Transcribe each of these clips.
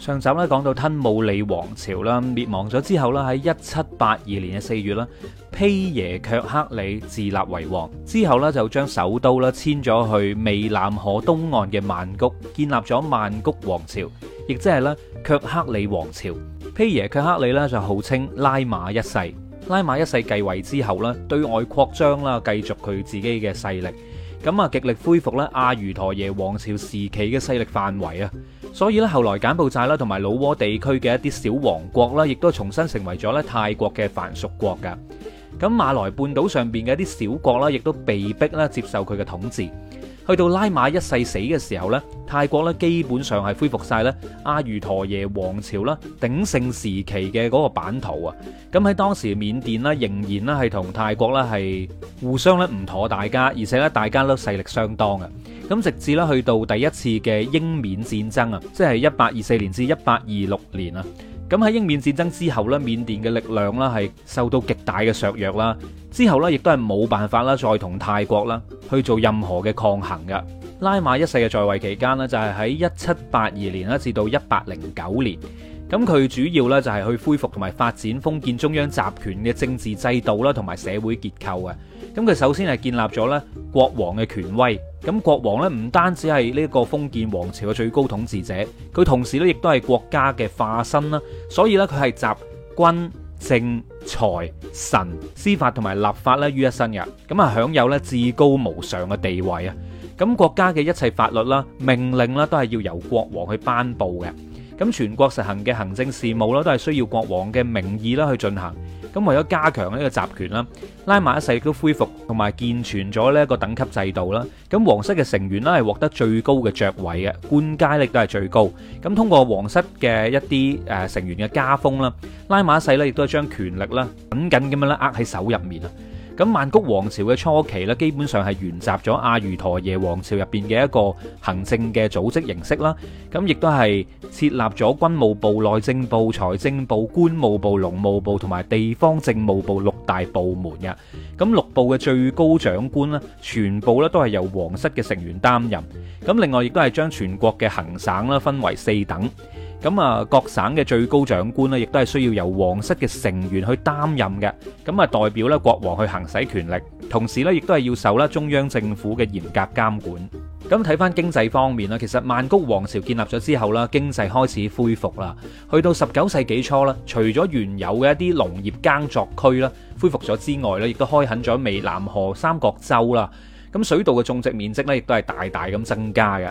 上集咧講到吞武里王朝啦滅亡咗之後咧喺一七八二年嘅四月啦，披耶卻克里自立為王之後呢，就將首都咧遷咗去湄南河東岸嘅曼谷，建立咗曼谷王朝，亦即係呢卻克里王朝。披耶卻克里呢，就號稱拉馬一世。拉馬一世繼位之後呢，對外擴張啦，繼續佢自己嘅勢力，咁啊極力恢復咧阿瑜陀耶王朝時期嘅勢力範圍啊。所以咧，後來柬埔寨啦，同埋老撾地區嘅一啲小王國啦，亦都重新成為咗咧泰國嘅藩屬國㗎。咁馬來半島上邊嘅一啲小國啦，亦都被迫咧接受佢嘅統治。去到拉瑪一世死嘅時候呢，泰國咧基本上係恢復晒咧阿瑜陀耶王朝啦鼎盛時期嘅嗰個版圖啊。咁喺當時緬甸啦，仍然咧係同泰國啦係互相咧唔妥大家，而且咧大家都勢力相當嘅。咁直至咧去到第一次嘅英緬戰爭啊，即係一八二四年至一八二六年啊。咁喺英緬戰爭之後呢，緬甸嘅力量呢係受到極大嘅削弱啦，之後呢，亦都係冇辦法啦，再同泰國啦去做任何嘅抗衡㗎。拉瑪一世嘅在位期間呢，就係喺一七八二年啦至到一八零九年。咁佢主要呢就係去恢復同埋發展封建中央集權嘅政治制度啦，同埋社會結構嘅。咁佢首先係建立咗呢國王嘅權威。咁國王呢唔單止係呢個封建王朝嘅最高統治者，佢同時呢亦都係國家嘅化身啦。所以呢，佢係集軍政財神司法同埋立法呢於一身嘅。咁啊享有呢至高無上嘅地位啊。咁國家嘅一切法律啦、命令啦都係要由國王去頒布嘅。咁全國實行嘅行政事務啦，都係需要國王嘅名義啦去進行。咁為咗加強呢個集權啦，拉馬一世亦都恢復同埋健全咗呢個等級制度啦。咁皇室嘅成員啦係獲得最高嘅爵位嘅官階，亦都係最高。咁通過皇室嘅一啲誒成員嘅加封啦，拉馬一世呢亦都將權力啦緊緊咁樣握喺手入面啊！咁曼谷王朝嘅初期咧，基本上係沿襲咗阿瑜陀耶王朝入邊嘅一個行政嘅組織形式啦。咁亦都係設立咗軍務部、內政部、財政部、官務部、農務部同埋地方政務部六大部門嘅。咁六部嘅最高長官咧，全部咧都係由皇室嘅成員擔任。咁另外亦都係將全國嘅行省啦分為四等。咁啊，各省嘅最高長官咧，亦都係需要由皇室嘅成員去擔任嘅。咁啊，代表咧國王去行使權力，同時咧，亦都係要受咧中央政府嘅嚴格監管。咁睇翻經濟方面啦，其實曼谷王朝建立咗之後啦，經濟開始恢復啦。去到十九世紀初啦，除咗原有嘅一啲農業耕作區啦，恢復咗之外咧，亦都開墾咗湄南河三角洲啦。咁水稻嘅種植面積咧，亦都係大大咁增加嘅。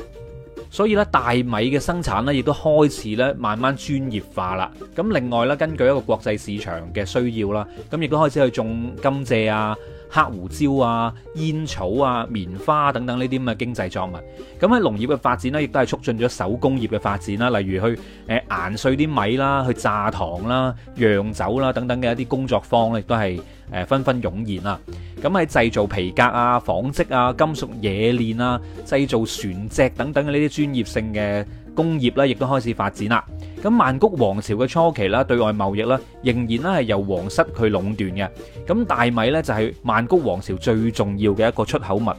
所以咧，大米嘅生產咧，亦都開始咧，慢慢專業化啦。咁另外咧，根據一個國際市場嘅需要啦，咁亦都開始去種甘蔗啊、黑胡椒啊、煙草啊、棉花等等呢啲咁嘅經濟作物。咁喺農業嘅發展咧，亦都係促進咗手工業嘅發展啦。例如去誒研碎啲米啦，去榨糖啦、釀酒啦等等嘅一啲工作坊，亦都係，誒，紛紛湧現啦！咁喺製造皮革啊、紡織啊、金屬冶煉啊、製造船隻等等嘅呢啲專業性嘅工業咧，亦都開始發展啦。咁曼谷王朝嘅初期啦，對外貿易咧，仍然咧係由皇室去壟斷嘅。咁大米咧，就係曼谷王朝最重要嘅一個出口物。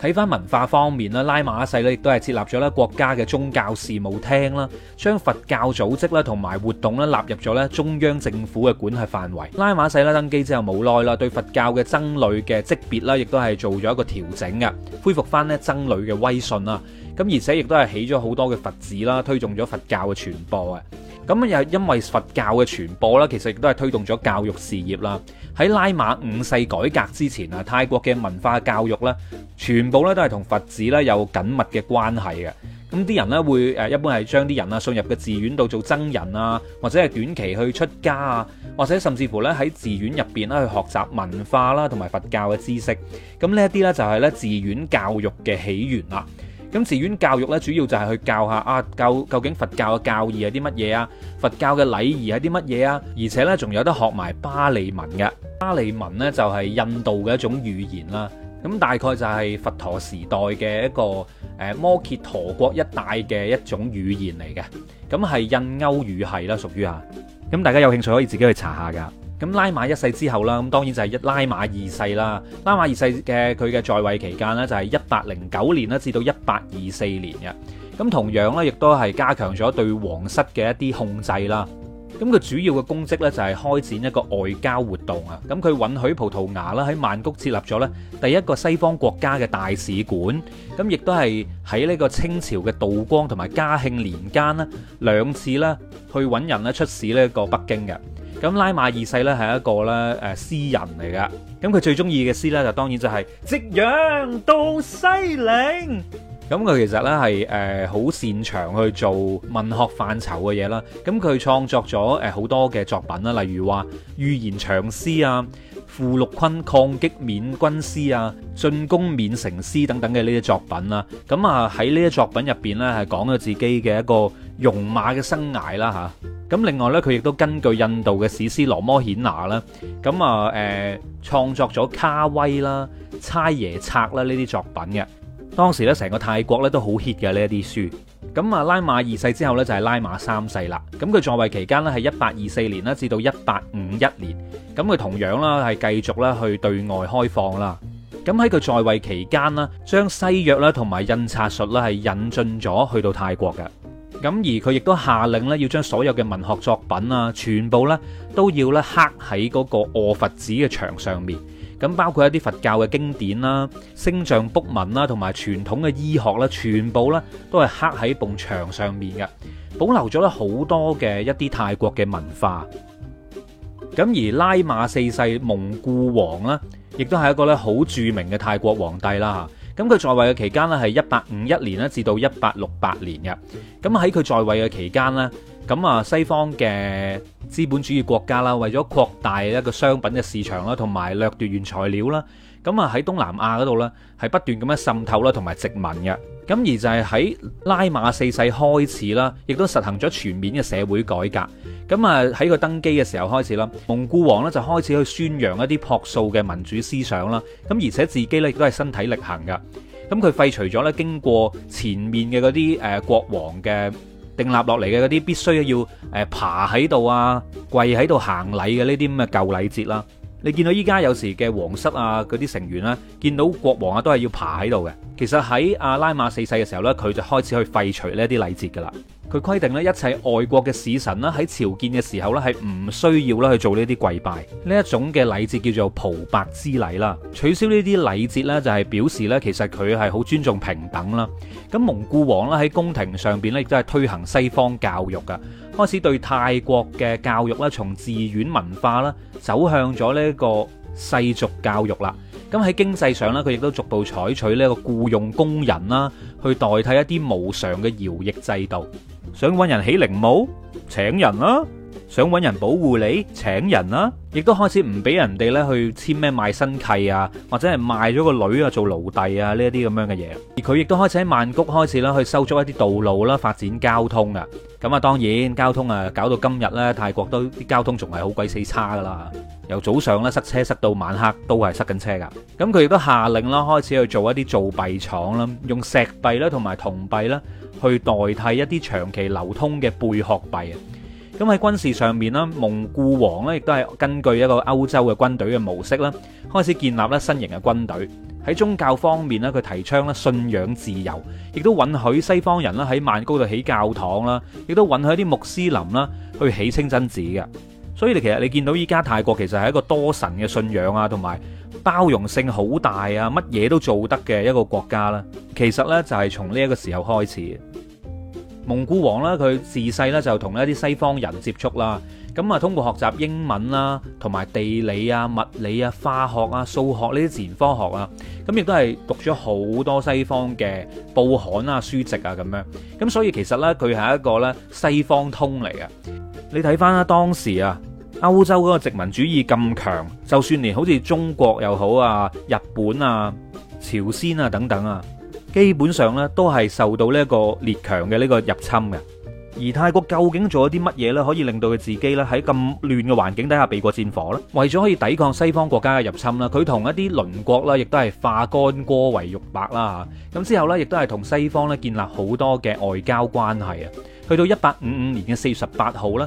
睇翻文化方面啦，拉馬世咧亦都係設立咗咧國家嘅宗教事務廳啦，將佛教組織啦同埋活動啦納入咗咧中央政府嘅管轄範圍。拉馬世咧登基之後冇耐啦，對佛教嘅僧侶嘅職別啦，亦都係做咗一個調整嘅，恢復翻咧僧侶嘅威信啦。咁而且亦都係起咗好多嘅佛寺啦，推動咗佛教嘅傳播嘅。咁又因為佛教嘅傳播啦，其實亦都係推動咗教育事業啦。喺拉瑪五世改革之前啊，泰國嘅文化教育咧，全部咧都係同佛寺咧有緊密嘅關係嘅。咁啲人咧會誒一般係將啲人啊送入個寺院度做僧人啊，或者係短期去出家啊，或者甚至乎咧喺寺院入邊咧去學習文化啦，同埋佛教嘅知識。咁呢一啲咧就係咧寺院教育嘅起源啦。咁寺院教育咧，主要就係去教下啊，究究竟佛教嘅教義係啲乜嘢啊，佛教嘅禮儀係啲乜嘢啊，而且呢，仲有得學埋巴利文嘅。巴利文呢，就係、是、印度嘅一種語言啦，咁大概就係佛陀時代嘅一個誒、呃、摩羯陀國一帶嘅一種語言嚟嘅，咁係印歐語系啦，屬於下。咁大家有興趣可以自己去查下噶。咁拉馬一世之後啦，咁當然就係一拉馬二世啦。拉馬二世嘅佢嘅在位期間呢，就係一八零九年啦至到一八二四年嘅。咁同樣呢，亦都係加強咗對皇室嘅一啲控制啦。咁佢主要嘅功績呢，就係開展一個外交活動啊。咁佢允許葡萄牙啦喺曼谷設立咗呢第一個西方國家嘅大使館。咁亦都係喺呢個清朝嘅道光同埋嘉慶年間呢兩次呢，去揾人呢出使呢個北京嘅。咁拉馬二世咧係一個咧誒詩人嚟噶，咁佢最中意嘅詩咧就當然就係、是《夕陽到西嶺》。咁佢其實咧係誒好擅長去做文學範疇嘅嘢啦，咁佢創作咗誒好多嘅作品啦，例如話《預言長詩》啊、《傅祿坤抗擊緬軍詩》啊、《進攻緬城詩》等等嘅呢啲作品啦。咁啊喺呢啲作品入邊咧係講咗自己嘅一個戎馬嘅生涯啦、啊、吓。咁另外呢，佢亦都根據印度嘅史詩《羅摩衍那》啦，咁啊誒創作咗《卡威》啦、《猜耶策》啦呢啲作品嘅。當時呢，成個泰國呢都好 hit 嘅呢一啲書。咁啊，拉馬二世之後呢，就係拉馬三世啦。咁佢在位期間呢，係一八二四年啦至到一八五一年。咁佢同樣啦係繼續咧去對外開放啦。咁喺佢在位期間呢，將西藥啦同埋印刷術啦係引進咗去到泰國嘅。咁而佢亦都下令咧，要將所有嘅文學作品啊，全部咧都要咧刻喺嗰個臥佛寺嘅牆上面。咁包括一啲佛教嘅經典啦、星象卜文啦，同埋傳統嘅醫學咧，全部咧都係刻喺埲牆上面嘅，保留咗咧好多嘅一啲泰國嘅文化。咁而拉瑪四世蒙古王呢，亦都係一個咧好著名嘅泰國皇帝啦。咁佢在位嘅期，期間呢，係一八五一年呢至到一八六八年嘅。咁喺佢在位嘅期間呢。咁啊，西方嘅資本主義國家啦，為咗擴大一個商品嘅市場啦，同埋掠奪原材料啦，咁啊喺東南亞嗰度咧，係不斷咁樣滲透啦，同埋殖民嘅。咁而就係喺拉瑪四世開始啦，亦都實行咗全面嘅社會改革。咁啊喺佢登基嘅時候開始啦，蒙古王咧就開始去宣揚一啲樸素嘅民主思想啦。咁而且自己咧亦都係身體力行嘅。咁佢廢除咗咧經過前面嘅嗰啲誒國王嘅。定立落嚟嘅嗰啲必須要誒爬喺度啊，跪喺度行禮嘅呢啲咁嘅舊禮節啦。你見到依家有時嘅皇室啊，嗰啲成員啊，見到國王啊都係要爬喺度嘅。其實喺阿拉瑪四世嘅時候呢，佢就開始去廢除呢啲禮節噶啦。佢規定咧，一切外國嘅使臣啦，喺朝見嘅時候咧，係唔需要啦去做呢啲跪拜呢一種嘅禮節，叫做蒲白之禮啦。取消呢啲禮節咧，就係表示咧，其實佢係好尊重平等啦。咁蒙古王啦喺宮廷上邊咧，亦都係推行西方教育啊，開始對泰國嘅教育啦，從寺院文化啦走向咗呢一個世俗教育啦。咁喺經濟上咧，佢亦都逐步採取呢一個僱用工人啦，去代替一啲無償嘅徭役制度。想揾人起靈墓，請人啦、啊。想揾人保護你，請人啦、啊，亦都開始唔俾人哋咧去簽咩賣身契啊，或者係賣咗個女啊做奴隸啊呢一啲咁樣嘅嘢。而佢亦都開始喺曼谷開始啦，去修築一啲道路啦，發展交通啊。咁啊，當然交通啊，搞到今日呢，泰國都啲交通仲係好鬼死差噶啦。由早上咧塞車塞到晚黑，都係塞緊車噶。咁佢亦都下令啦，開始去做一啲造幣廠啦，用石幣啦同埋銅幣啦去代替一啲長期流通嘅貝殼幣啊。咁喺軍事上面啦，蒙古王咧亦都係根據一個歐洲嘅軍隊嘅模式啦，開始建立咧新型嘅軍隊。喺宗教方面咧，佢提倡咧信仰自由，亦都允許西方人咧喺曼谷度起教堂啦，亦都允許啲穆斯林啦去起清真寺嘅。所以你其實你見到依家泰國其實係一個多神嘅信仰啊，同埋包容性好大啊，乜嘢都做得嘅一個國家啦。其實呢，就係從呢一個時候開始。蒙古王呢，佢自細咧就同一啲西方人接觸啦，咁啊通過學習英文啦，同埋地理啊、物理啊、化學啊、數學呢啲自然科學啊，咁亦都係讀咗好多西方嘅報刊啊、書籍啊咁樣，咁所以其實呢，佢係一個咧西方通嚟嘅。你睇翻啦，當時啊，歐洲嗰個殖民主義咁強，就算連好似中國又好啊、日本啊、朝鮮啊等等啊。基本上咧都係受到呢一個列強嘅呢個入侵嘅，而泰國究竟做咗啲乜嘢咧，可以令到佢自己咧喺咁亂嘅環境底下避過戰火咧？為咗可以抵抗西方國家嘅入侵啦，佢同一啲鄰國啦，亦都係化干戈為玉帛啦，咁之後咧亦都係同西方咧建立好多嘅外交關係啊！去到一八五五年嘅四月十八號咧。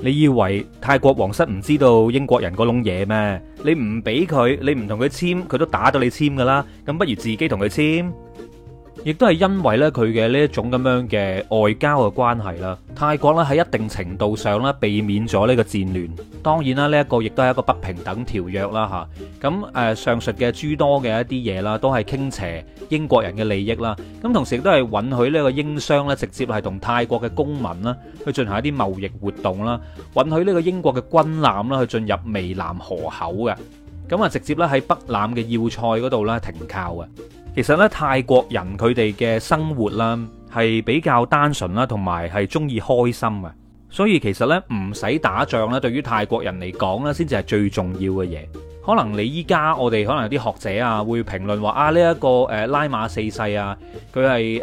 你以為泰國皇室唔知道英國人嗰籠嘢咩？你唔俾佢，你唔同佢簽，佢都打到你簽噶啦。咁不如自己同佢簽，亦都係因為咧佢嘅呢一種咁樣嘅外交嘅關係啦。泰國咧喺一定程度上咧避免咗呢個戰亂。當然啦，呢一個亦都係一個不平等條約啦，嚇。咁誒，上述嘅諸多嘅一啲嘢啦，都係傾斜英國人嘅利益啦。咁同時亦都係允許呢個英商咧，直接係同泰國嘅公民啦，去進行一啲貿易活動啦，允許呢個英國嘅軍艦啦，去進入湄南河口嘅。咁啊，直接咧喺北欖嘅要塞嗰度啦停靠嘅。其實咧，泰國人佢哋嘅生活啦，係比較單純啦，同埋係中意開心嘅。所以其實咧唔使打仗咧，對於泰國人嚟講咧，先至係最重要嘅嘢。可能你依家我哋可能有啲學者啊，會評論話啊，呢一個誒拉瑪四世啊，佢係誒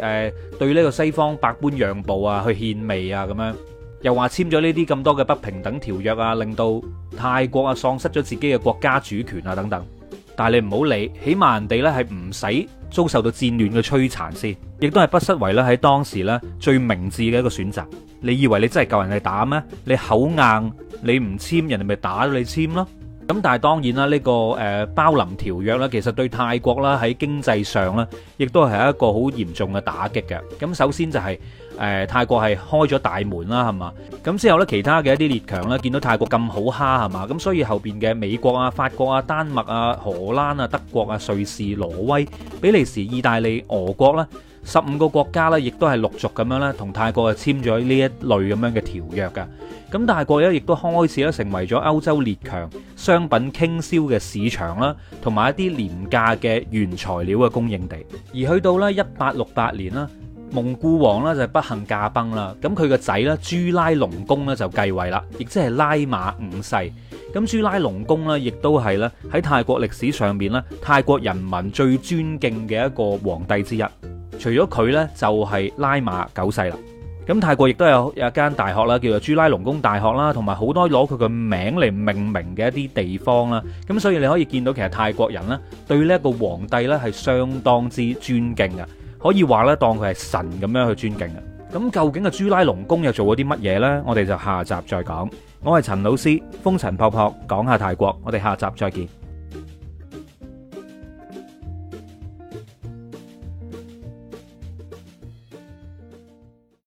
對呢個西方百般讓步啊，去獻媚啊，咁樣又話簽咗呢啲咁多嘅不平等條約啊，令到泰國啊喪失咗自己嘅國家主權啊等等。但係你唔好理，起碼人哋咧係唔使。遭受到戰亂嘅摧殘先，亦都係不失為咧喺當時咧最明智嘅一個選擇。你以為你真係夠人哋打咩？你口硬，你唔簽，人哋咪打咗你簽咯。咁但係當然啦，呢、呢個誒包、呃、林條約呢，其實對泰國啦喺經濟上咧，亦都係一個好嚴重嘅打擊嘅。咁首先就係、是、誒、呃、泰國係開咗大門啦，係嘛？咁之後呢，其他嘅一啲列強呢，見到泰國咁好蝦係嘛？咁所以後邊嘅美國啊、法國啊、丹麥啊、荷蘭啊、德國啊、瑞士、挪威、比利時、意大利、俄國啦。十五個國家咧，亦都係陸續咁樣咧，同泰國啊簽咗呢一類咁樣嘅條約嘅。咁泰國呢亦都開始咧成為咗歐洲列強商品傾銷嘅市場啦，同埋一啲廉價嘅原材料嘅供應地。而去到咧一八六八年啦，蒙古王啦就不幸駕崩啦。咁佢個仔啦朱拉隆功咧就繼位啦，亦即係拉馬五世。咁朱拉隆功咧，亦都係咧喺泰國歷史上面咧，泰國人民最尊敬嘅一個皇帝之一。除咗佢呢，就係拉瑪九世啦。咁泰國亦都有有一間大學啦，叫做朱拉隆功大學啦，同埋好多攞佢嘅名嚟命名嘅一啲地方啦。咁所以你可以見到，其實泰國人呢對呢一個皇帝呢係相當之尊敬嘅，可以話呢，當佢係神咁樣去尊敬嘅。咁究竟啊朱拉隆功又做過啲乜嘢呢？我哋就下集再講。我係陳老師，風塵僕僕講下泰國，我哋下集再見。